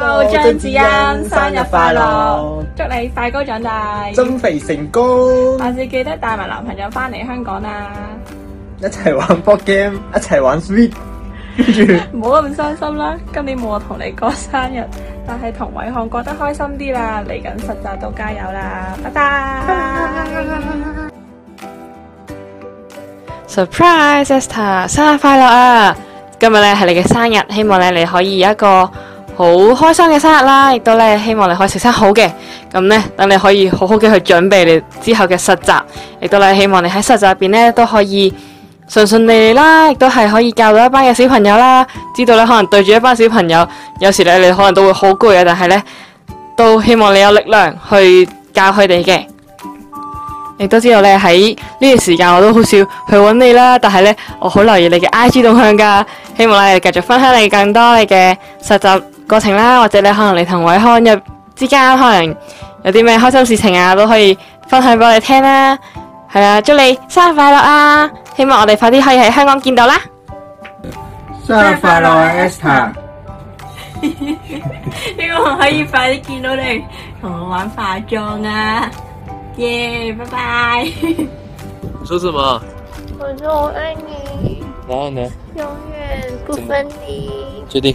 張子欣生日快樂，祝你快高長大，增肥成功，下次記得帶埋男朋友翻嚟香港啦。一齊玩波 game，一齊玩 sweet，跟住唔好咁傷心啦。今年冇我同你過生日，但係同偉漢過得開心啲啦。嚟緊實習都加油啦，拜拜！Surprise sister，生日快樂啊！今日咧係你嘅生日，希望咧你可以有一個。好開心嘅生日啦！亦都咧，希望你可以食餐好嘅，咁呢，等你可以好好嘅去準備你之後嘅實習，亦都咧希望你喺實習入邊呢，都可以順順利利啦，亦都係可以教到一班嘅小朋友啦。知道咧，可能對住一班小朋友，有時你你可能都會好攰呀，但係呢，都希望你有力量去教佢哋嘅。亦都知道咧喺呢段時間，我都好少去揾你啦。但係呢，我好留意你嘅 IG 動向噶，希望你繼續分享你的更多你嘅實習過程啦，或者你可能你同偉康入之間，可能有啲咩開心事情啊，都可以分享俾我哋聽啦。係啊，祝你生日快樂啊！希望我哋快啲可以喺香港見到啦。生日快樂啊，Esther！希望可以快啲見到你，同我玩化妝啊！耶，拜拜！你說什麼？我說我愛你。然後呢？永遠不分離。確定。